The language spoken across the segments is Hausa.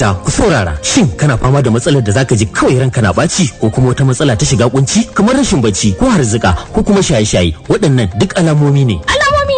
ta ku saurara shin kana fama da matsalar da zaka ji kawai ranka na baci ko kuma wata matsala ta shiga kunci kamar rashin bacci ko harzuka ko kuma shaye-shaye waɗannan duk alamomi ne.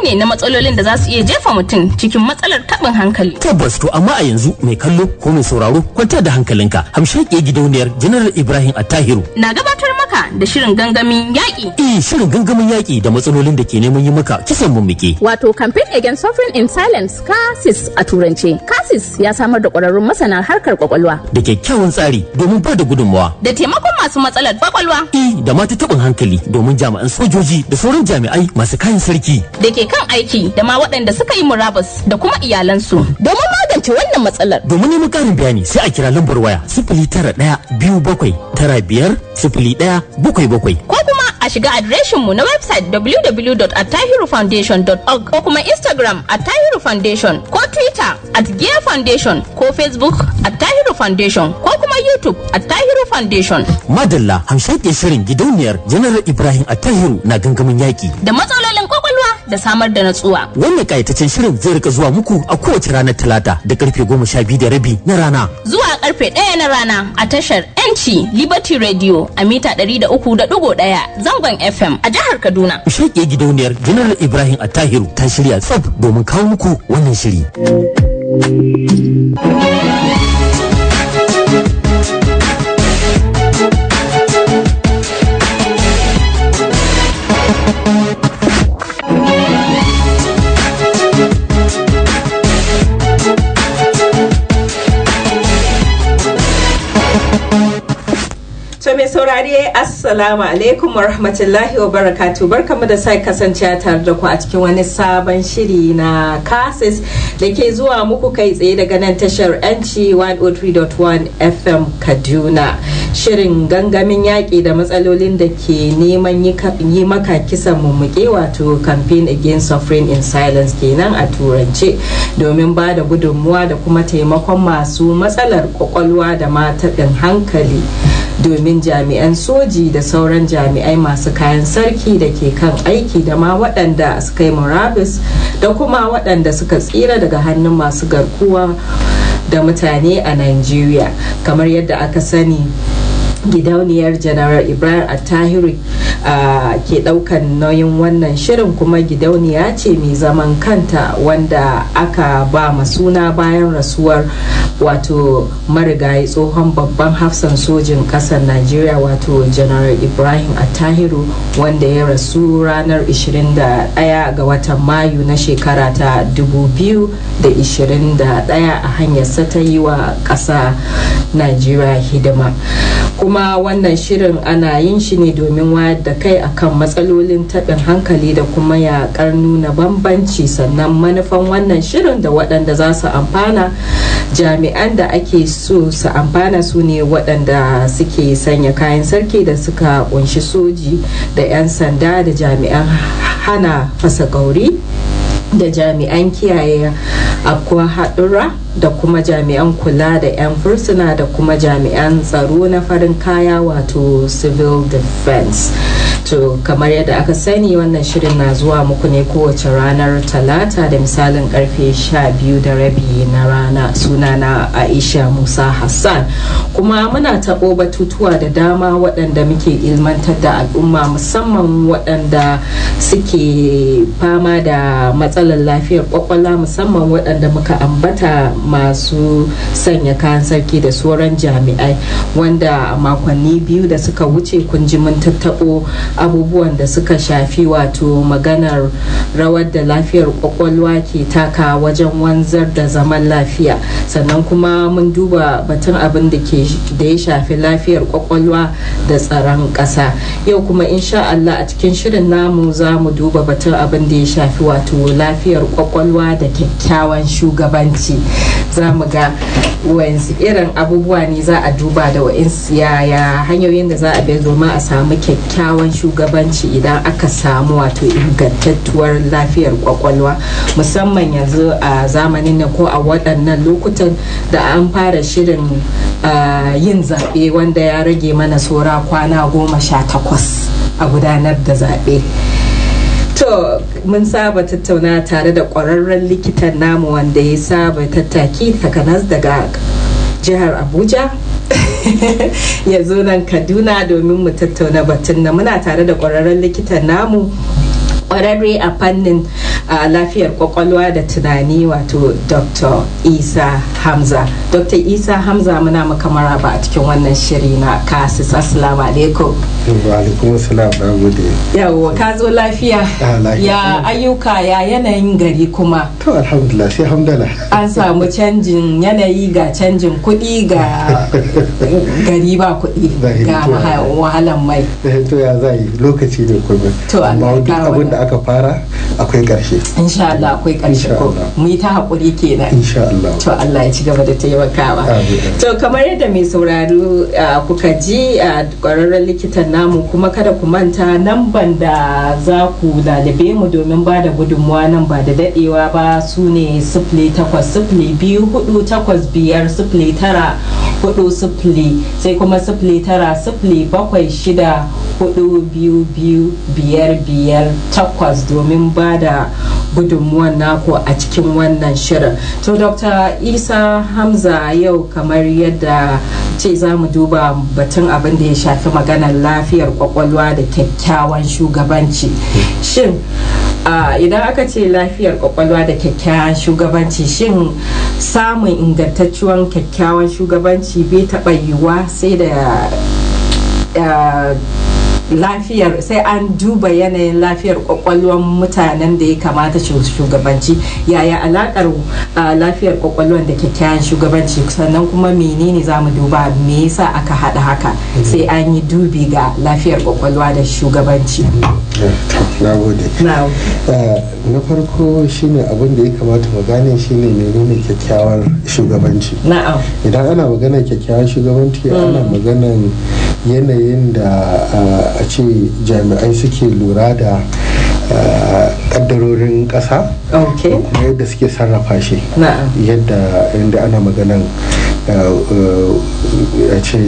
ne na matsalolin da za su iya jefa mutum cikin matsalar taɓin hankali. Tabbas to amma a yanzu mai kallo ko mai sauraro kwanta da hankalinka hamshake gidauniyar Janar Ibrahim Attahiru. Na gabatar maka da shirin gangamin yaƙi. Eh shirin gangamin yaƙi da matsalolin da ke neman yi maka kisan mummuke. Wato campaign against suffering in silence CASIS a turance. CASIS ya samar da ƙwararrun masana harkar kwakwalwa. Da kyakkyawan tsari domin ba da gudunmawa. Da taimakon masu matsalar kwakwalwa. Eh da mata taɓin hankali domin jami'an sojoji da sauran jami'ai masu kayan sarki. Da ke kan aiki da ma waɗanda suka yi murabus da kuma iyalansu domin magance wannan matsalar. Domin neman ƙarin bayani sai a kira lambar waya sifili tara ɗaya biyu bakwai tara biyar sifili ɗaya bakwai bakwai. Ko kuma a shiga adireshinmu na website www.attahirufoundation.org ko kuma Instagram Attahiru Foundation ko Twitter at Gear Foundation ko Facebook Attahiru Foundation ko kuma YouTube Attahiru Foundation. Madalla ke shirin gidauniyar Janar Ibrahim Attahiru na gangamin yaƙi. Da matsalolin ko da samar da natsuwa. Wannan kayataccen shirin zai rika zuwa muku a kowace ranar Talata da karfe goma sha biyu da rabi na rana. Zuwa karfe ɗaya na rana a tashar yanci Liberty Radio a mita ɗari da uku da ɗigo ɗaya zangon FM a jihar Kaduna. Shaƙe gidauniyar General Ibrahim Attahiru ta shirya tsab domin kawo muku wannan shiri. saurare assalamu alaikum warahmatullahi wa barakatu barkamu da sai kasancewa tare da ku a cikin wani sabon shiri na kasis da ke zuwa muku kai tsaye daga nan tashar yanci 103.1 fm kaduna shirin gangamin yaƙi da matsalolin da ke neman yi maka kisan mummuke wato campaign against suffering in silence kenan a turance domin ba da gudunmuwa da kuma taimakon masu matsalar kwakwalwa da ma hankali domin jami'an soji da sauran jami'ai masu kayan sarki da ke kan aiki da ma waɗanda suka yi murabus da kuma waɗanda suka tsira daga hannun masu garkuwa da mutane a Najeriya kamar yadda aka sani gidauniyar janaral ibrahim attahiru ke daukan nauyin wannan shirin kuma gidauniya ce mai zaman kanta wanda aka ba ma suna bayan rasuwar wato marigayi tsohon babban hafsan sojin kasar nigeria wato janaral ibrahim attahiru wanda ya rasu ranar 21 ga watan mayu na shekara ta 2021 a hanyar ta yi wa ƙasa najeriya hidima kuma wannan shirin ana yin shi ne domin wayar da kai akan matsalolin taɓin hankali da kuma yaƙar nuna bambanci sannan manufan wannan shirin da waɗanda za su amfana jami'an da ake so su amfana su ne waɗanda suke sanya kayan sarki da suka kunshi soji da 'yan sanda da jami'an hana fasa gauri da jami'an kiyaye akwai haɗura da kuma jami'an kula da 'yan fursuna da kuma jami'an tsaro na farin kaya wato civil defense To kamar yadda aka sani wannan shirin na zuwa muku ne kowace ranar talata da misalin karfe sha da rabi na rana sunana Aisha Musa Hassan. Kuma muna taɓo batutuwa da dama waɗanda muke ilmantar da al'umma musamman waɗanda suke fama da matsalar lafiyar kwakwala musamman waɗanda muka ambata masu sanya kayan sarki da sauran jami'ai wanda makonni biyu da suka wuce kun ji mun tattaɓo abubuwan da suka shafi wato maganar rawar da lafiyar kwakwalwa ke taka wajen wanzar da zaman lafiya sannan kuma mun duba batun abin da ya shafi lafiyar kwakwalwa da tsaron ƙasa yau kuma insha Allah a cikin shirin namu za mu duba batun abin da ya shafi wato lafiyar kwakwalwa da kyakkyawan shugabanci za mu ga wani irin abubuwa ne za a duba da wa'insu yaya hanyoyin da za a bi zoma a samu kyakkyawan shugabanci idan aka samu wato ingantattuwar lafiyar kwakwalwa musamman yanzu a zamanin na ko a waɗannan lokutan da an fara shirin yin zaɓe wanda ya rage mana saura kwana goma sha takwas a gudanar da zaɓe mun saba tattauna tare da kwararren likitan namu wanda ya saba tattaki takanas daga jihar abuja ya zo nan kaduna domin mu tattauna batun na muna tare da kwararren likitan namu kwararre a fannin a lafiyar kwakwalwa da tunani wato dr isa hamza dr isa hamza muna maka maraba a cikin wannan shiri na kasis assalamu alaikum yawo ka zo ah, lafiya ya ayyuka ya yanayin gari kuma to alhamdulillah sai hamdala an samu canjin yanayi ga canjin kuɗi ga gari ba kuɗi ga wahalan mai eh, to ya zai lokaci ne kuma amma abin da aka fara akwai ƙarshe karshe insha Allah akwai karshe ko mu yi ta hakuri kenan insha Allah to Allah ya ci gaba da taimakawa to kamar yadda mai sauraro kuka ji a ƙwararren likitan namu kuma kada ku manta nan ban da za ku lalabe mu domin ba da gudunmuwa nan ba da dadewa ba su ne sifili takwas sifili biyu hudu takwas biyar sifili tara hudu sifili sai kuma sifili tara sifili bakwai shida hudu biyu biyu biyar takwas domin ba da gudunmuwan naku a cikin wannan shirin to dr isa hamza yau kamar yadda ce za mu duba batun abin da ya shafi maganar lafiyar kwakwalwa da kyakkyawan shugabanci shin idan aka ce lafiyar kwakwalwa da kyakkyawan shugabanci shin samun ingantacciyar kyakkyawan shugabanci bai taɓa yiwuwa sai da lafiyar sai an duba yanayin lafiyar kwakwalwar mutanen da ya kamata shugabanci yaya alakar ah, lafiyar kwakwalwar da kyakkyawan shugabanci sannan kuma menene za mu duba me yasa aka haɗa haka mm-hmm. sai an yi dubi ga lafiyar kwakwalwa da shugabanci mm-hmm. ah, na farko shine abin da ya kamata mu gane shine menene kyakkyawar shugabanci idan ana magana kyakkyawar shugabanci ana mm. maganan yanayin da a ce jami'ai suke lura da kaddarorin ƙasa kuma yadda suke sarrafa shi yadda inda ana magana a ce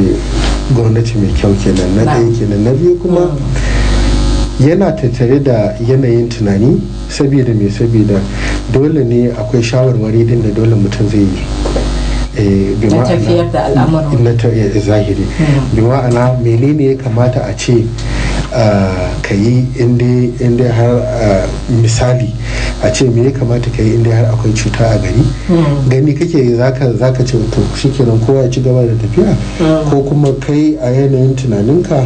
gwamnati mai kyau kenan na ɗaya kenan na biyu kuma mm. yana tattare da yanayin tunani saboda mai saboda dole ne akwai shawarwari din da dole mutum zai yi Eh, na tafiyar zahiri hmm. ma'ana menene ya kamata a ce ah, ka yi inda har ah, misali a ce me ya kamata ka yi inda har akwai cuta a gari hmm. gani kake za ka ce to shikenan kowa ya ci gaba da tafiya hmm. ko kuma kai a yanayin tunaninka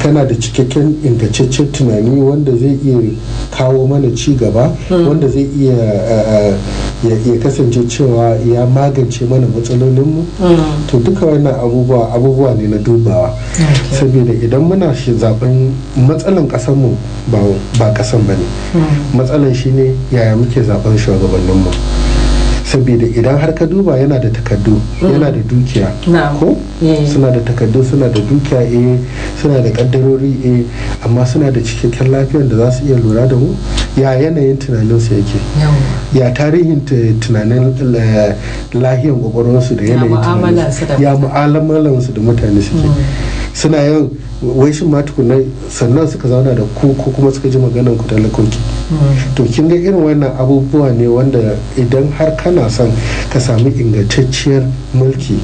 kana da cikakken ingantaccen tunani wanda zai iya kawo mana ci gaba wanda zai iya ah, ya kasance cewa ya magance mana matsalolin mu. Mm. to duka wannan abubuwa abubuwa ne na dubawa mm. saboda idan muna shi zaben matsalan mu ba kasan ba ne mm. matsalan shine yaya muke zaben mu. saboda idan har ka duba yana da takaddu mm. yana da dukiya ko eh. suna da takaddu suna da dukiya eh suna da kaddarori eh amma suna da cikakken lafiyar da za su iya lura da mu ya yanayin tunaninsu yake ya tarihin tunanin eh, lahiyar su da yanayin tunaninsu ya su da mutane suke mm. suna yau wai shi ma sannan suka zauna da ku ko kuma suka ji maganan ku talakoki to kin ga irin wannan abubuwa ne wanda idan har kana son ka sami ingantacciyar mulki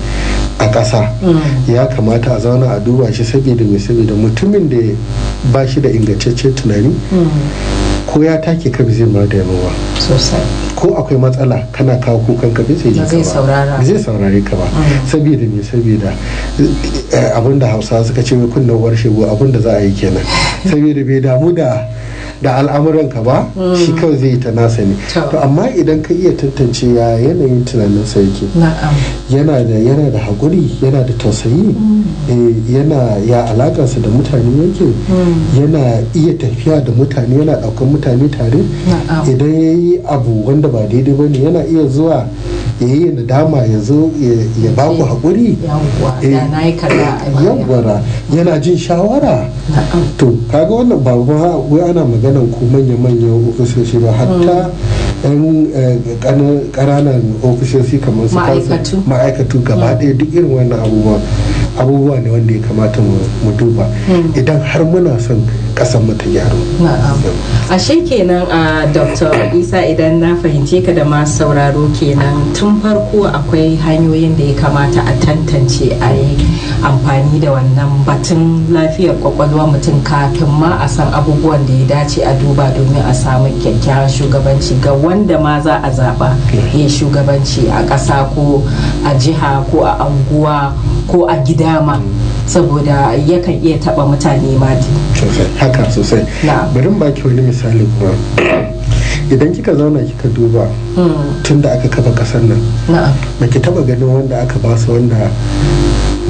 a ƙasa mm. ya kamata a zauna a duba shi saboda mai saboda mutumin da ba shi da ingantacciyar tunani mm. ko ya take ka zai mara da yamuwa ko akwai matsala kana kawo kukan ka bai zai saurara zai saurare ka ba mm. saboda mai saboda eh, abinda hausa suka ce mai kunnen warshe abinda za a yi kenan saboda bai damu da da al'amuranka ba hmm. shi kawai zai yi ta nasa ne to amma idan ka iya tantance ya yanayin tunanin yake yana da yana da haƙuri yana da tausayi hmm. eh, yana ya alaƙarsa da mutane yake hmm. yana iya tafiya da mutane yana ɗaukar mutane tare idan yayi abu wanda ba daidai ba ne yana iya zuwa ya yi nadama ya zo ya ba ku eh, haƙuri eh, yana jin shawara to kaga wannan ba ma wai ana maganan ku manya-manyan ofisoshi ba hatta yan mm. eh, ƙananan ofisoshi kamar su ma'aikatu gaba mm. ɗaya duk irin wannan abubuwa. abubuwa ne wanda ya kamata mu duba hmm. idan har muna son kasan mata ta gyaru ashe kenan a dr isa idan na fahimce ka da masu sauraro kenan tun farko akwai hanyoyin da ya kamata a tantance a yi amfani da wannan batun lafiyar kwakwalwa mutum kafin ma a san abubuwan da ya dace a duba domin a samu kyakkyawan shugabanci ga wanda ma za a zaɓa hmm. ya shugabanci a ƙasa ko a jiha ko a anguwa ko a gida ma saboda yakan iya taba mutane ma sosai haka sosai bari baki wani misali kuma idan kika zauna kika duba hmm. tun da aka kafa kasar nan ba ki taba ganin wanda aka ba su wanda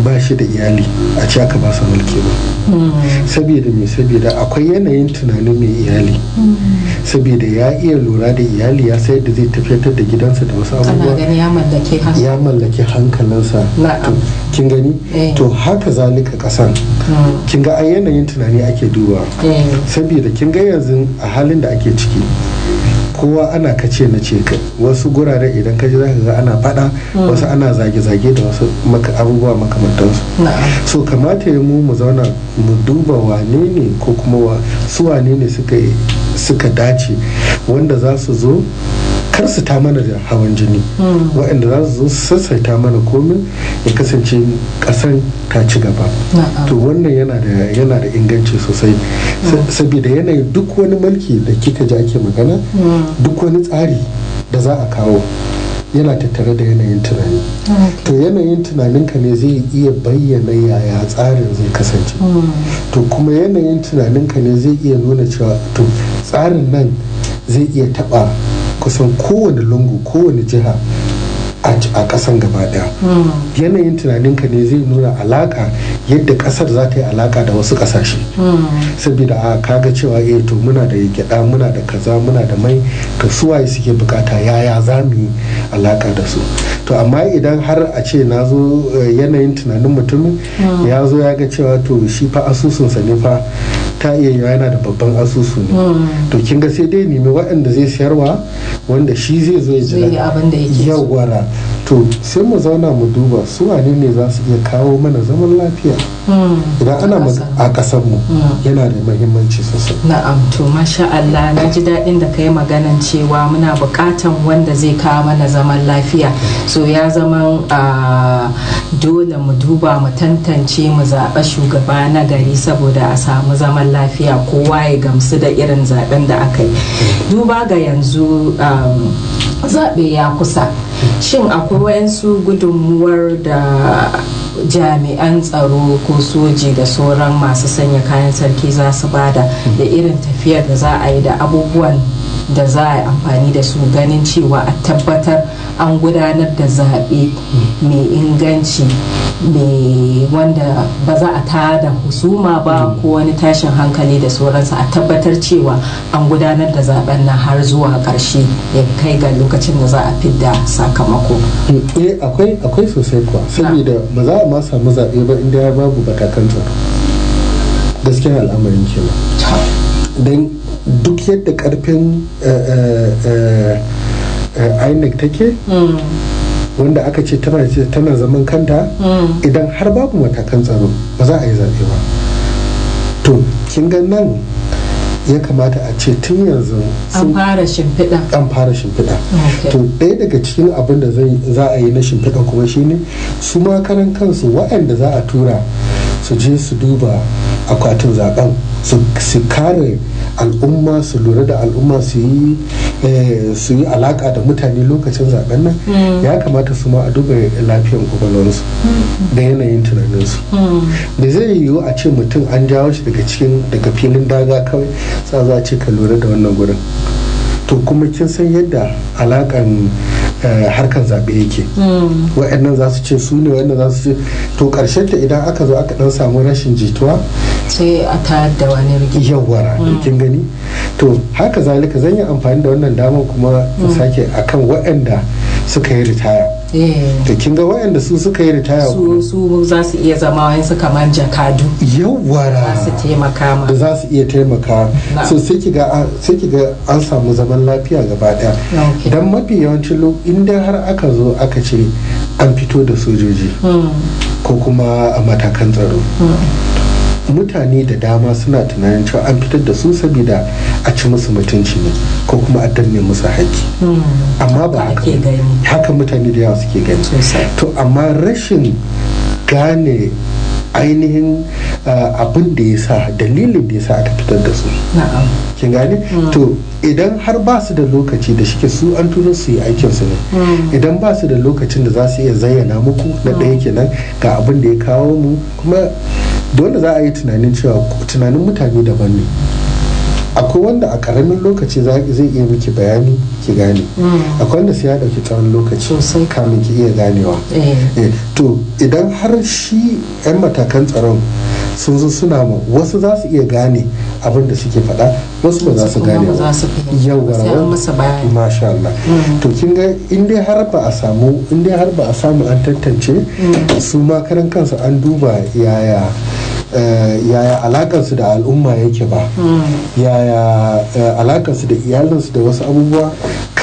ba shi da iyali a ci aka ba su mulki ba saboda me saboda akwai yanayin tunani mai iyali saboda ya iya lura da iyali ya sayar da zai tafiyar da gidansa da wasu abubuwa ya mallaki hankalinsa kin gani eh. to haka zalika kasan hmm. kin ga a yanayin tunani ake duba eh. saboda kin ga yanzu a halin da ake ciki kowa ana kace na ce kai wasu gurare idan ka ji zaka ga ana fada hmm. wasu ana zage-zage da wasu abubuwa makamantansu so kamata ya mu mu zauna mu duba wane ne ko kuma su wane ne suka dace wanda za su zo kar su ta mana da hawan jini waɗanda za su zo su sassaita mana komai. ya kasance ƙasan ta ci gaba to wannan yana da inganci sosai mm. saboda yanayin duk wani mulki da kika ji ake magana mm. duk wani tsari da za a kawo yana tattare da yanayin tunani to yanayin tunaninka ne zai iya bayyana yaya tsarin zai kasance mm. to kuma yanayin tunaninka ne zai iya nuna cewa to tsarin nan zai iya taɓa. kusan kowane lungu kowane jiha a kasan gaba daya hmm. yanayin tunaninka ne zai nuna alaka yadda kasar za ta yi alaka da wasu kasashe hmm. saboda a kaga cewa eh to muna da gyada muna da kaza muna da mai to suwaye suke bukata yaya za mu yi alaka da su to amma idan har a ce na zo eh, yanayin tunanin mutumin hmm. ya zo ya ga cewa to shi fa asusunsa ne fa ta iya yawa yana da babban asusu ne hmm. to kin ga sai dai nemi waɗanda zai sayarwa wanda shi zai zo ya jira yawara to sai mu zauna mu duba su wane ne za su iya kawo mana zaman lafiya hmm. idan ana a ƙasar mu hmm. yana da mahimmanci sosai na'am to masha Allah na ji daɗin da kai maganan cewa muna buƙatan wanda zai kawo mana zaman lafiya so ya zama dole mu duba mu tantance mu zaɓa shugaba na gari saboda a samu zaman lafiya kowa ya gamsu da irin zaɓen da aka yi hmm. duba ga yanzu um, zaɓe ya kusa shin akwai wayansu gudunmuwar da jami'an tsaro ko soji da sauran masu sanya kayan sarki za su bada da irin tafiyar da za a yi da abubuwan da za a yi amfani da su ganin cewa a tabbatar an gudanar da zaɓe mai inganci mai wanda ba za a tada husuma ba mm. ko wani tashin hankali da sauransa a tabbatar cewa an gudanar da zaben nan har zuwa ƙarshe ya kai ga lokacin da za a fidda sakamako. Eh, eh, akwai akwai sosai kuwa saboda ba za a ma samu zaɓe ba inda ya babu batakan tsaro gaskiyar al'amarin kenan don duk yadda ƙarfin. Eh, Eh, inec take hmm. wanda aka ce tana ce tana zaman kanta hmm. idan har babu matakan tsaro ba za a yi zaɓe ba to kin gan nan ya kamata a ce tun yanzu an fara shimfiɗa an fara shimfiɗa to ɗaya daga cikin abin da za a yi na shimfiɗa kuma shine su ma karan kansu waɗanda za a tura su je su duba akwatin zaɓen su kare al'umma su lura da al'umma su yi Eh, su yi alaka da mutane lokacin zaben nan hmm. ya kamata su ma a duba lafiyan kwakwalwarsu da yanayin tunaninsu da hmm. zai yiwu a ce mutum an jawo shi daga cikin daga filin daga kawai sa za a ce ka lura da wannan gurin to kuma kin san yadda alakan Eh, harkar zaɓe yake hmm. wa'annan za su ce su ne wa'annan za su ce to ƙarshen ta idan aka zo aka ɗan samu rashin jituwa sai a tayar da wani rikici yawwara hmm. kin gani to haka zalika zan yi amfani da wannan damar kuma hmm. sake akan waɗanda suka yi ritaya Eh. ta kin ga wayanda su suka yi ritaya su su za su iya zama wayansu kamar jakadu yawwa za su taimaka ma da za su iya taimaka so sai ki ga sai ki an samu zaman lafiya gaba daya dan mafi yawancin inda har aka zo aka ce an fito da sojoji hmm. ko kuma a matakan tsaro hmm. mutane da dama suna tunanin cewa an fitar da su saboda a ci musu mutunci ne ko kuma a danne musu haƙƙi hmm. amma ba haka haka mutane da yawa suke gani to amma rashin gane ainihin uh, abin da ya sa dalilin da ya sa aka fitar da su kin gane hmm. to idan har ba su da lokaci da shike su an turo su yi aikin su ne hmm. idan ba su da lokacin da za su iya zayyana muku na ɗaya kenan ga abin da ya kawo mu kuma dole za a yi tunanin cewa tunanin mutane daban ne akwai wanda a karamin lokaci zai iya miki bayani ki gane mm. akwai wanda sai ya dauki tsawon lokaci sosai kamin ki iya ganewa eh. Eh, to idan har shi 'yan matakan tsaron sun zo suna ma wasu za su iya gane abin da suke faɗa wasu ba za su gane ba yau wani masha Allah mm. to kin ga in har ba a samu in har ba a samu an tantance mm. su ma karan kansu an duba yaya Eh, yaya alakarsu da al'umma yake ba hmm. yaya eh, alakarsu da iyalinsu da wasu abubuwa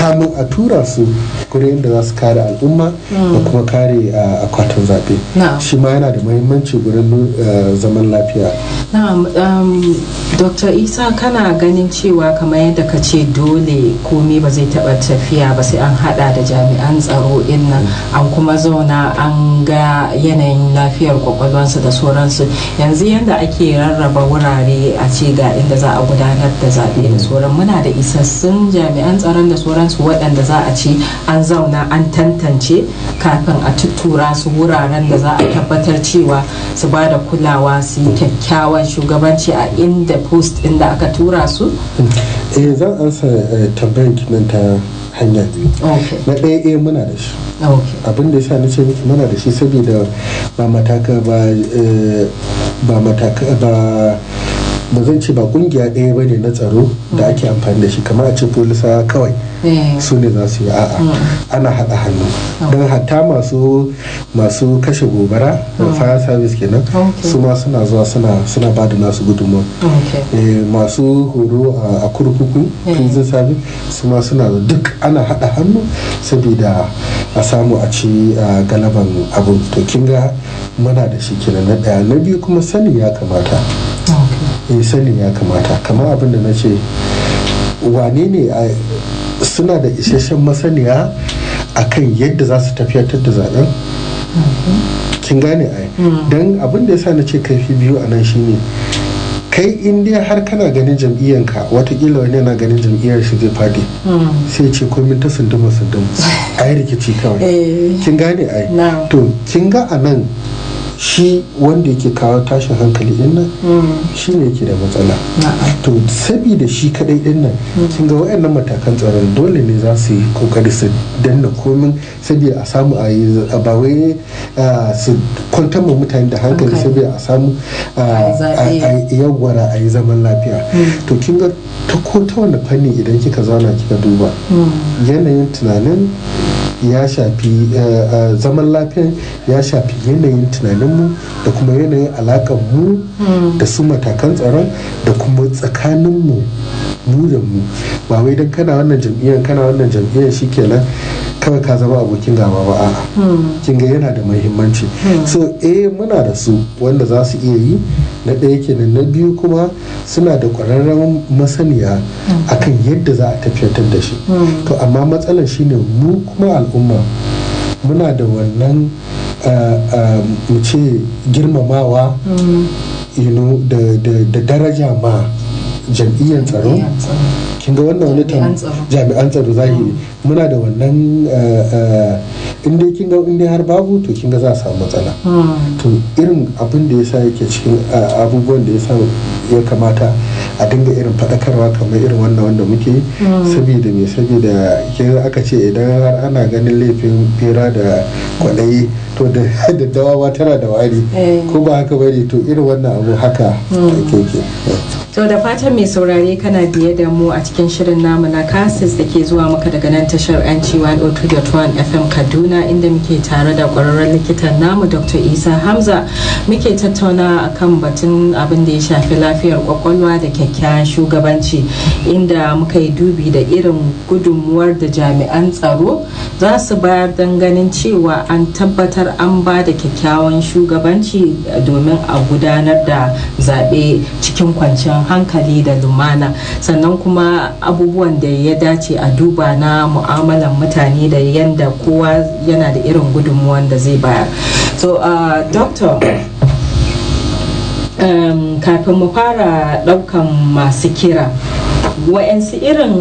kamun a tura su gurin da za su kare al'umma da mm. kuma kare ah, akwatin zaɓe shi ma yana da mahimmanci gurin ah, zaman lafiya um, dr isa kana ganin cewa kamar yadda ka ce dole komai ba zai taɓa tafiya ba sai an haɗa da jami'an tsaro din nan mm. an kuma zauna an ga yanayin lafiyar kwakwalwansu da sauransu yanzu yadda ake rarraba wurare a ce ga inda za a gudanar da zaɓe da mm. sauran muna da isassun jami'an tsaron da sauran su waɗanda za a ce an zauna an tantance kafin a tuttura su wuraren da za a tabbatar cewa su ba da kulawa su yi kyakkyawan shugabanci a inda post inda aka tura su? eh zan ansa eh, tambayan kinan ta hanya biyu na ɗaya eh muna da shi abin da sa na ce miki muna da shi saboda ba mataka ba eh, ba mataka ba ba zan ce ba kungiya ɗaya ba ne na tsaro da ake amfani da shi kamar a ce polisa kawai eh. su ne za su yi a'a mm. ana haɗa hannu oh. don hatta masu kashe gobara mm. fire service kenan su ma suna zuwa suna ba da nasu gudunmawa eh, masu horo a kurkuku eh. prison service su ma suna duk ana haɗa hannu saboda a samu a ci galaban abu to kinga mana muna da shi kenan na ɗaya na biyu kuma sani ya kamata eh sanin ya kamata kamar abin da na ce wane ne suna da isasshen masaniya a kan yadda za su tafiyatar da zaben kin gane ai mm. don abin da ya sa na ce kaifi biyu a nan shine kai indiya har kana ganin jam'iyyanka watakila wani yana ganin jam'iyyar shi zai fadi mm. sai ce komin ta sunduma sunduma a yi rikici kawai eh. kin gane ai to kin ga a nan shi wanda yake kawo tashin hankali din nan hmm. shi ne yake da matsala to sabida shi kadai din nan hmm. kin ga wayannan matakan tsaron dole ne za su yi kokari su danna komin sabida a samu a yi ba wai su kwantar ma mutane da hankali sabida a samu a yawwara a yi zaman lafiya hmm. to kin ga ta ko ta wani fanni idan kika zauna kika duba yanayin tunanin ya shafi eh, eh, zaman lafiya ya shafi yanayin tunaninmu da kuma yanayin mu hmm. da su matakan tsaron da kuma tsakaninmu mu da mu ba wai don kana wannan jam'iyyar kana wannan jam'iyyar kenan kawai ka zama abokin gaba ba a hmm. kin ga yana da mahimmanci. Hmm. so eh muna da su wanda za su iya yi na ɗaya kenan na biyu kuma suna da ƙwararren masaniya hmm. akan yadda za a tafiyatar da shi to amma matsalar shine mu kuma al'umma muna da wannan eh, eh, mu ce girmamawa da daraja ma jam'iyyar tsaro kinga ga wannan wani tam jami'an tsaro zahiri mm. muna da wannan eh, eh, inda dai kin ga in har babu to kinga ga za a samu matsala mm. to irin abin da yasa yake cikin eh, abubuwan da yasa ya kamata a dinga irin faɗakarwa kamar irin wannan wanda muke mm. saboda me saboda kin aka ce idan har ana ganin laifin fira da kwaɗayi to da dawawa tana da wari eh. ko ba haka bane to irin wannan abu haka keke hmm. to da fatan mai saurare kana biye da mu a cikin shirin namu na kasis da ke zuwa maka daga nan tashar yanci 102.1 fm kaduna inda muke tare da kwararren likitan namu dr isa hamza muke tattauna kan batun abin da ya shafi lafiyar kwakwalwa da kyakkyawan shugabanci inda muka yi dubi da irin gudunmuwar da jami'an tsaro za su bayar don ganin cewa an tabbatar an ba da kyakkyawan shugabanci domin a gudanar da zaɓe cikin kwanciyar hankali da lumana sannan kuma abubuwan da ya dace a duba na mu'amalan mutane da yadda kowa yana da irin gudunmuwan da zai bayar so uh, doctor um, kafin mu fara ɗaukan masu kira wa'yansu irin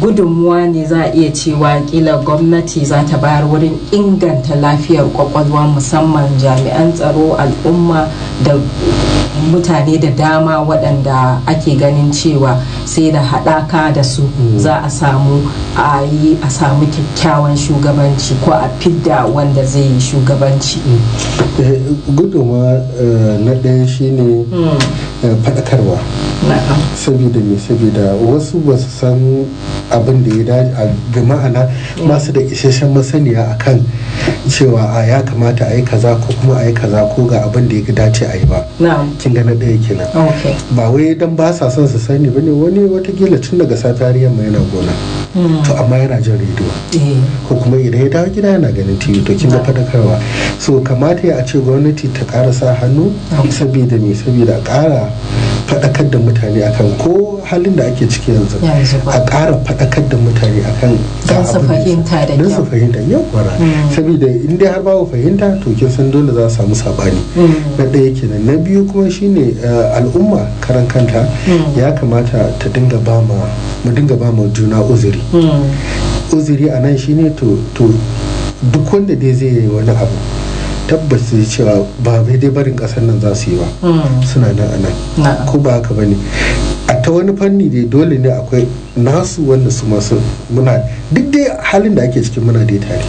gudunmuwa ne za a iya cewa kila gwamnati za ta bayar wurin inganta lafiyar kwakwalwa musamman jami'an tsaro al'umma da mutane da dama waɗanda ake ganin cewa sai da haɗaka da su mm. za a samu a yi a samu kyakkyawan shugabanci ko a fidda wanda zai yi shugabanci mm. eh, guduma eh, na ɗaya shine mm. eh, faɗakarwa saboda me saboda wasu ba su san abin da ya dace a ga ma'ana masu da isasshen masaniya akan cewa a ya kamata a yi kaza ko kuma a yi kaza ko ga abin da ya dace a yi ba kin ga na ɗaya kenan ba wai dan ba sa son su sani bane wani wata watakila tun daga satariyar mai yana gona hmm. to amma yana jin rediyo eh. ko kuma idan ya dawo gida yana ganin tv to kin ga fadakarwa so kamata ya ce gwamnati ta ƙara sa hannu saboda me saboda ƙara faɗakar da mutane akan ko halin da ake ciki yanzu a ƙara faɗakar da mutane akan don su fahimta da su fahimta yau kwara hmm. saboda in dai har babu fahimta to kin san dole za su samu sabani hmm. na ɗaya kenan na biyu kuma shine eh, al'umma karan kanta hmm. ya kamata ta dinga ba ma mu dinga ba ma juna uzuri uzuri a nan shine to duk wanda dai zai yi wani abu tabbas zai cewa ba mai dai barin kasar nan za su yi ba hmm. suna nan anan ko ba haka ne a ta wani fanni dai dole ne akwai nasu wanda su masu muna duk dai halin da ake cikin muna dai tare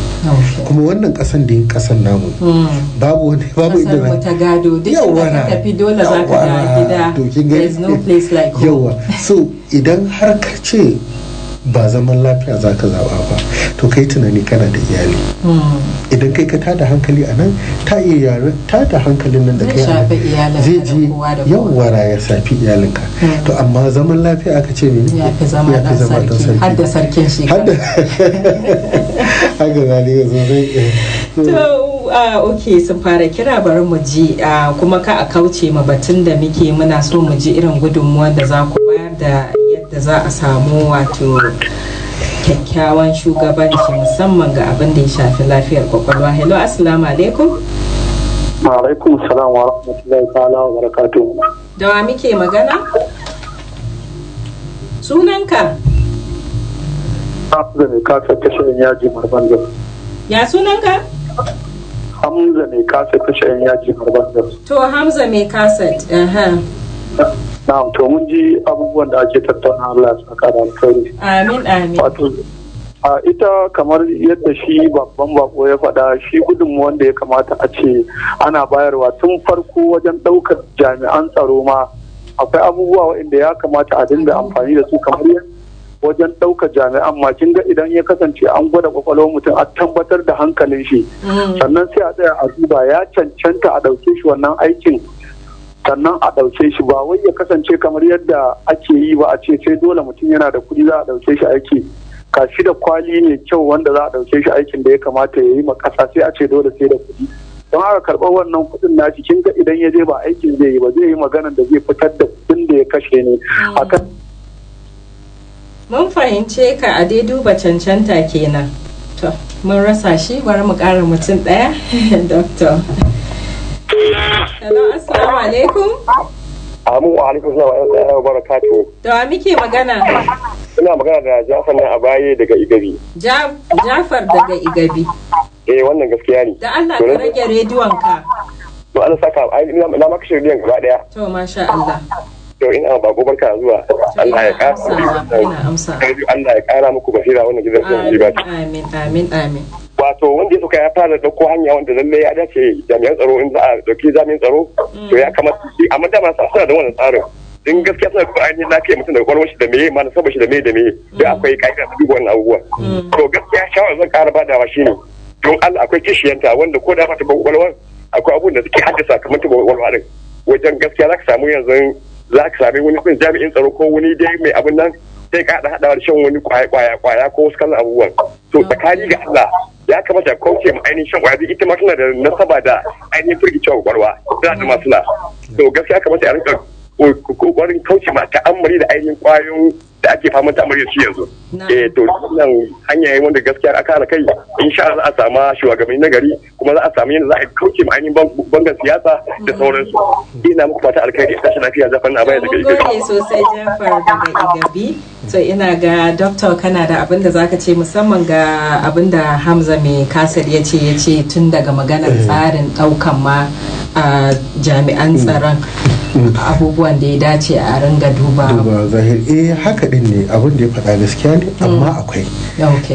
kuma wannan kasan da kasan namu hmm. babu wani babu inda na ta gado duk da tafi dole za ka gida there is no place like home yawa so idan har ka ce ba zaman lafiya za ka zaɓa ba to kai tunani kana da iyali hmm. idan kai ka tada hankali a nan ta iya yare tada hankalin nan da kai a zai je yawwara ya safi iyalinka hmm. to amma zaman lafiya aka ce ne ya fi zama da sarki har da sarkin shi har da haka zalika sosai uh, ok sun fara kira bari mu ji kuma ka a kauce ma batun da muke muna so mu ji irin gudunmuwan da za ku bayar da da za a samu wato kyakkyawan shugabanci musamman ga abin da ya shafi lafiyar kwakwalwa hello assalamu alaikum alaikum salam wa rahmatullahi ta'ala wa barakatuh da wa muke magana sunanka Hamza ne kasa tashin yaji marbanda Ya sunanka? Hamza ne kasa tashin yaji marban To Hamza mai kasa, aha. na'am to mun ji abubuwan da ake tattauna Allah ya saka da alkhairi amin amin a ita kamar yadda shi babban bako ya faɗa shi gudunmu wanda ya kamata a ce ana bayarwa tun farko wajen ɗaukar jami'an tsaro ma akwai abubuwa waɗanda ya kamata a dinga amfani da su kamar wajen ɗaukar jami'an ma kin ga idan ya kasance an gwada kwakwalwar mutum a tabbatar da hankalin shi mm. sannan sai a tsaya a duba ya cancanta a ɗauke shi wannan aikin sannan a ɗauke shi ba wai ya kasance kamar yadda ake yi ba a ce sai dole mutum yana da kuɗi za a ɗauke shi aiki kashi da kwali ne kyau wanda za a ɗauke shi aikin da ya kamata ya yi ma ƙasa sai a ce dole sai da kuɗi don haka karɓar wannan kuɗin na kin ga idan ya je ba aikin zai yi ba zai yi maganar da zai fitar da kuɗin da ya kashe ne akan mun fahimce ka a dai duba cancanta kenan to mun rasa shi bari mu ƙara mutum ɗaya doctor Hello, assalamu alaikum. Amu wa alaikum salam wa barakatu. Da wa muke magana? Ina magana da Jafar na Abaye daga Igabi. Jafar daga Igabi. Eh wannan gaskiya ne. Da Allah ka rage rediyon ka. To Allah saka ai ina maka rediyon gaba daya. To masha Allah. To ina ba gobar ka zuwa. Allah ya kara. Ina amsa. Allah ya kara muku basira wannan gidan. Amin amin amin. wato wanda ya suka ya fara dauko hanya wanda lalle ya dace jami'an tsaro in za a dauki jami'an tsaro to ya kamata shi amma da ma suna da wannan tsarin din gaskiya suna da ainihin lafiya mutum da kwakwalwar shi da meye ma nasabar shi da meye da meye da mm. akwai ka'ida da dubu wannan abubuwa mm. to gaskiya shawara zan kara badawa shine don Allah akwai kishiyanta wanda ko da ba ta kwakwalwar akwai abubuwan da suke haddasa kamar ta kwakwalwar din wajen gaskiya za ka samu yanzu za ka sami wani jami'in tsaro ko wani dai mai abin nan sai ka haɗa da shan wani kwaya kwaya kwaya ko wasu kalan abubuwan to tsakani ga Allah ya kamata kauce ma ainihin shan kwaya duk ita ma tana da nasaba da ainihin firgicewa kwakwalwa tana da na to gaskiya kamata a rinka kokarin kauce ma ta'ammali da ainihin kwayoyin da ake faman ta'ammali da shi yanzu eh to nan hanya ne wanda gaskiya aka hana kai insha Allah a sama shugabanni na gari kuma za a samu yadda za a kauce ma ainihin bangan siyasa da sauransu ina muku fata alkhairi a tashi lafiya zafin a baya daga igabi mun sosai Jafar daga igabi to ina ga doctor kana da abin da zaka ce musamman ga abin da Hamza mai kasar ya ce ya ce tun daga maganar eh. tsarin daukan ma jami'an tsaron abubuwan da ya dace a ringa duba duba zahir eh haka din ne abin da ya faɗa gaskiya ne mm. amma akwai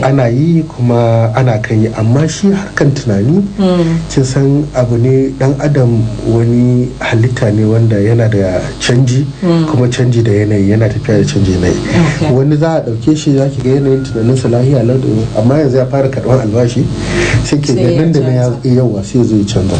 ana yi kuma ana kan yi amma shi harkan tunani mm. kin san abu ne dan adam wani halitta ne wanda yana da canji mm. kuma canji da yanayi yana tafiya da canji yanayi wani za a ɗauke shi za ki ga yanayin tunaninsa lahiya lau amma yanzu ya fara karɓar albashi sai ke ga nan da na yawa sai zai canza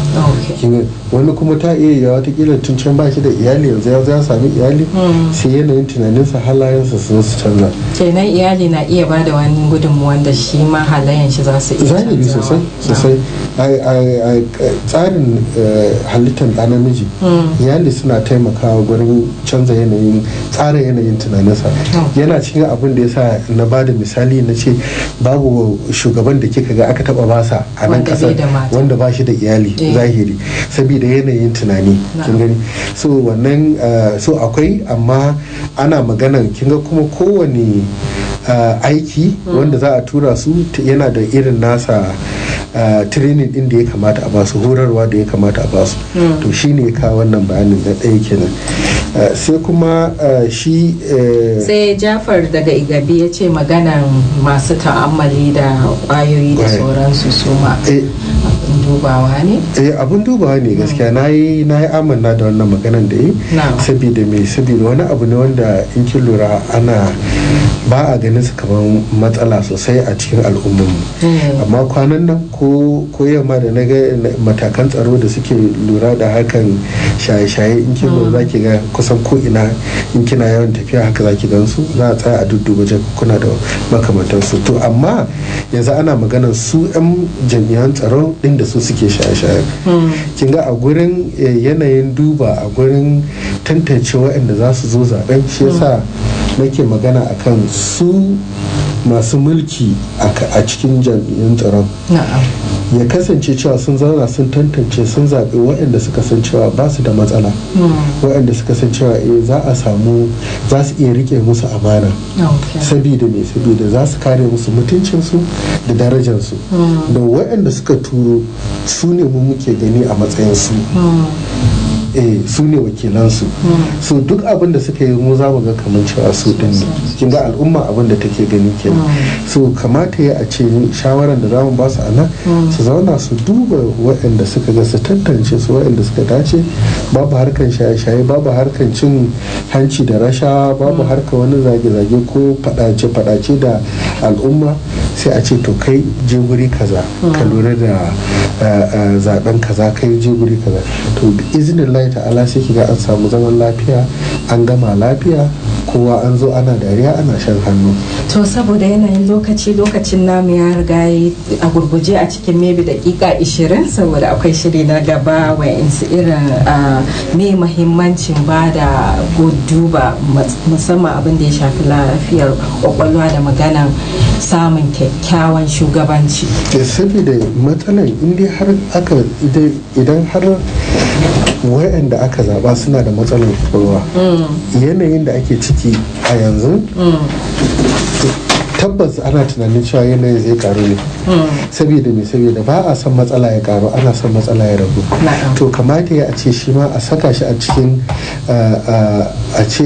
wani kuma ta iya yawa ta kila tun can ba shi da iyali yanzu ya ya sami iyali hmm. sai yanayin tunaninsa halayensa sun su canza kenan iyali na iya bada wani gudunmuwan da shi ma halayen shi za su iya zahiri sosai sosai a tsarin eh, halittar ɗa namiji hmm. iyali suna taimakawa gurin canza yanayin tsara yanayin tunaninsa hmm. yana cikin abin da ya sa na bada misali na ce babu shugaban da kika ga aka taba basa a nan kasar wanda ba shi da iyali eh. zahiri saboda yanayin tunani kin gani so wannan eh, so akwai amma ana maganan kinga kuma kowane eh, aiki wanda za a tura su yana da irin nasa eh, training din da ya kamata a basu horarwa da ya kamata a basu hmm. to shine ka wannan bayanin da ɗaya kenan sai kuma shi sai jafar daga igabi ya ce maganar masu ta'ammali da kwayoyi da sauransu su ma dubawa ne eh abun dubawa ne gaskiya na yi amanna da wannan maganan da yi saboda mai saboda wani abu ne wanda in kin lura ana ba a ganin su kamar matsala sosai a cikin mu. Hmm. amma kwanan nan ko yamma da na ga matakan tsaro da suke lura da hakan shaye-shaye in kin lura hmm. za ki ga kusan ko ina in kina yawan tafiya haka za ki gansu za a tsaya a dudduba kuna da makamantar su to amma yanzu ana maganar su 'yan jami'an tsaro din da su suke shaye-shaye hmm. kin ga a gurin eh, yanayin duba a gurin tantance waɗanda za su zo zaben shi yasa nake magana akan su masu mulki a cikin jam'iyyun tsaron ya kasance cewa sun zauna sun tantance sun zaɓi waɗanda suka san cewa ba su da matsala hmm. waɗanda suka san cewa eh za a samu za su iya rike musu amana sabida mai sabida za su kare musu mutuncinsu da darajarsu hmm. da waɗanda suka turo su ne mu muke gani a matsayin su hmm. Eh, su ne wakilansu hmm. su duk abin da suka yi mu za ga kamar cewa su din ne kin ga al'umma abin da take gani ke. Hmm. su kamata ya a ce shawaran da zamu ba su a nan hmm. su zauna su duba waɗanda suka ga su tantance su waɗanda suka dace babu harkan shaye-shaye babu harkan cin hanci da rasha babu harka wani zage-zage ko fadace fadace da al'umma sai a ce to kai je wuri kaza ka lura da eh, eh, zaben kaza kai je wuri kaza to izinin lahi ta'ala sai kiga an samu zaman lafiya an gama lafiya kowa an zo ana dariya ana shan hannu to saboda yanayin lokaci lokacin namu ya riga a gurguje a cikin maybe dakika 20 saboda akwai shiri na gaba wa insu irin me mahimmancin ba da duba musamman abin da ya shafi lafiyar kwakwalwa da magana samun kyakkyawan shugabanci eh, saboda matsalar inda har idan har wayanda aka zaba suna da matsalar kwakwalwa yanayin da ake ciki a yanzu tabbas ana tunanin cewa yanayin zai karu ne saboda mai saboda ba a son matsala ya karu ana son matsala ya ragu to kamata ya a ce shi ma a saka shi a cikin eh, eh, a ce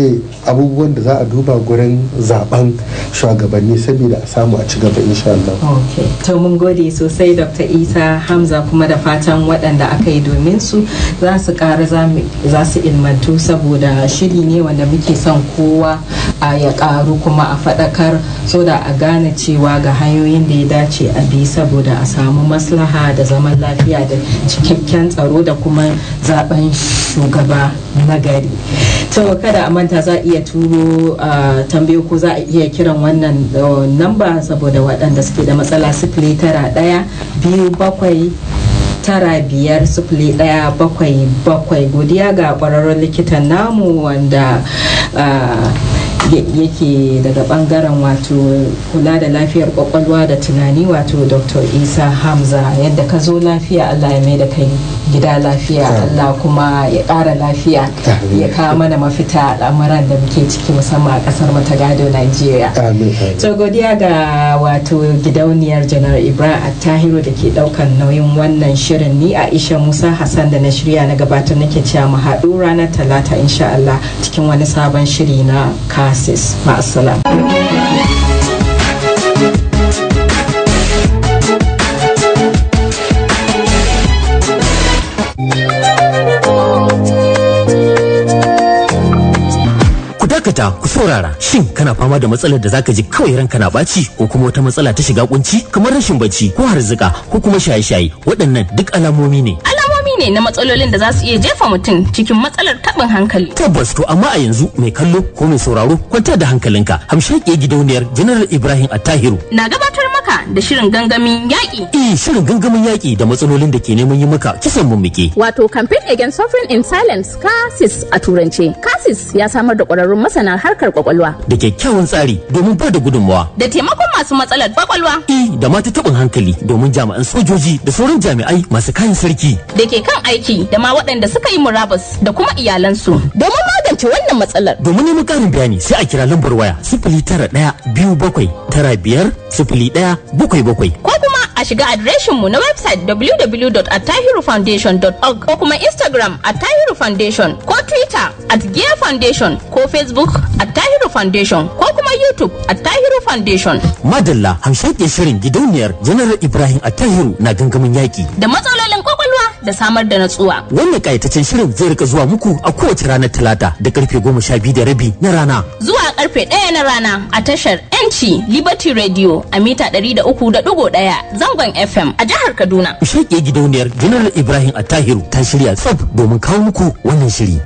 abubuwan da za a duba gurin zaben shugabanni saboda a samu a ci gaba insha Allah. to mun gode sosai dr isa hamza kuma da fatan waɗanda aka yi domin su za su ƙara za su ilmantu saboda shiri ne wanda muke son kowa a ya ƙaru kuma a faɗakar so da a gane cewa ga hanyoyin da ya dace a bi saboda a samu maslaha da zaman lafiya da cikakken tsaro da kuma zaben shugaba na gari to kada kada a manta za a iya turo tambayo ko za a iya kiran wannan uh, namba saboda waɗanda suke da matsala sifili tara ɗaya biyu bakwai tara biyar sifili ɗaya bakwai bakwai godiya ga ƙwararren likitan namu wanda uh, yake daga bangaren wato kula da lafiyar kwakwalwa da tunani wato dr isa hamza yadda ka zo lafiya allah ya mai da kai gida lafiya Allah kuma ya ƙara lafiya ya kawo mana mafita al'amuran da muke ciki musamman a ƙasar mata gado Najeriya. So godiya ga wato gidauniyar Janar Ibrahim Attahiru da ke ɗaukan nauyin wannan shirin ni Aisha Musa Hassan da na shirya na gabatar nake cewa mu haɗu ranar Talata insha Allah cikin wani sabon shiri na Kasis. ma'asala. mata ku saurara shin kana fama da matsalar da zaka ji kawai ranka na baci, ko kuma wata matsala ta shiga kunci kamar rashin bacci ko harzuka ko kuma shaye-shaye waɗannan duk alamomi ne. kalmomi ne na matsalolin da za su iya jefa mutum cikin matsalar tabin hankali. Tabbas to amma a yanzu mai kallo ko mai sauraro kwanta da hankalinka hamshake gidauniyar General Ibrahim Attahiru. Na gabatar maka da shirin gangamin yaƙi. Eh shirin gangamin yaƙi da matsalolin da ke neman yi maka kisan mummuke. Wato campaign against suffering in silence CASIS a turance. CASIS ya samar da ƙwararrun masana harkar kwakwalwa. Da kyakkyawan tsari domin ba da gudunmawa. Da taimakon masu matsalar kwakwalwa. Eh da mata taɓin hankali domin jami'an sojoji da sauran jami'ai masu kayan sarki. Da ke kan aiki da ma waɗanda suka yi murabus da kuma iyalansu domin magance wannan matsalar. Domin neman ƙarin bayani sai a kira lambar waya sifili tara ɗaya biyu bakwai tara biyar sifili ɗaya bakwai bakwai. Ko kuma a shiga adireshinmu na website www.attahirufoundation.org ko kuma Instagram Attahiru Foundation ko Twitter at Gear Foundation ko Facebook Attahiru Foundation ko kuma YouTube Attahiru Foundation. Madalla hamshakin shirin gidauniyar Janar Ibrahim Attahiru na gangamin yaƙi. Da matsalolin kwakwalwa da samar da natsuwa. Wannan kayataccen shirin zai rika zuwa muku a kowace ranar Talata da karfe goma sha biyu da rabi na rana. Zuwa karfe ɗaya na rana a tashar Enchi Liberty Radio a mita ɗari da uku da ɗigo ɗaya zangon FM a jihar Kaduna. Shaƙe gidauniyar General Ibrahim Attahiru ta shirya tsab domin kawo muku wannan shiri.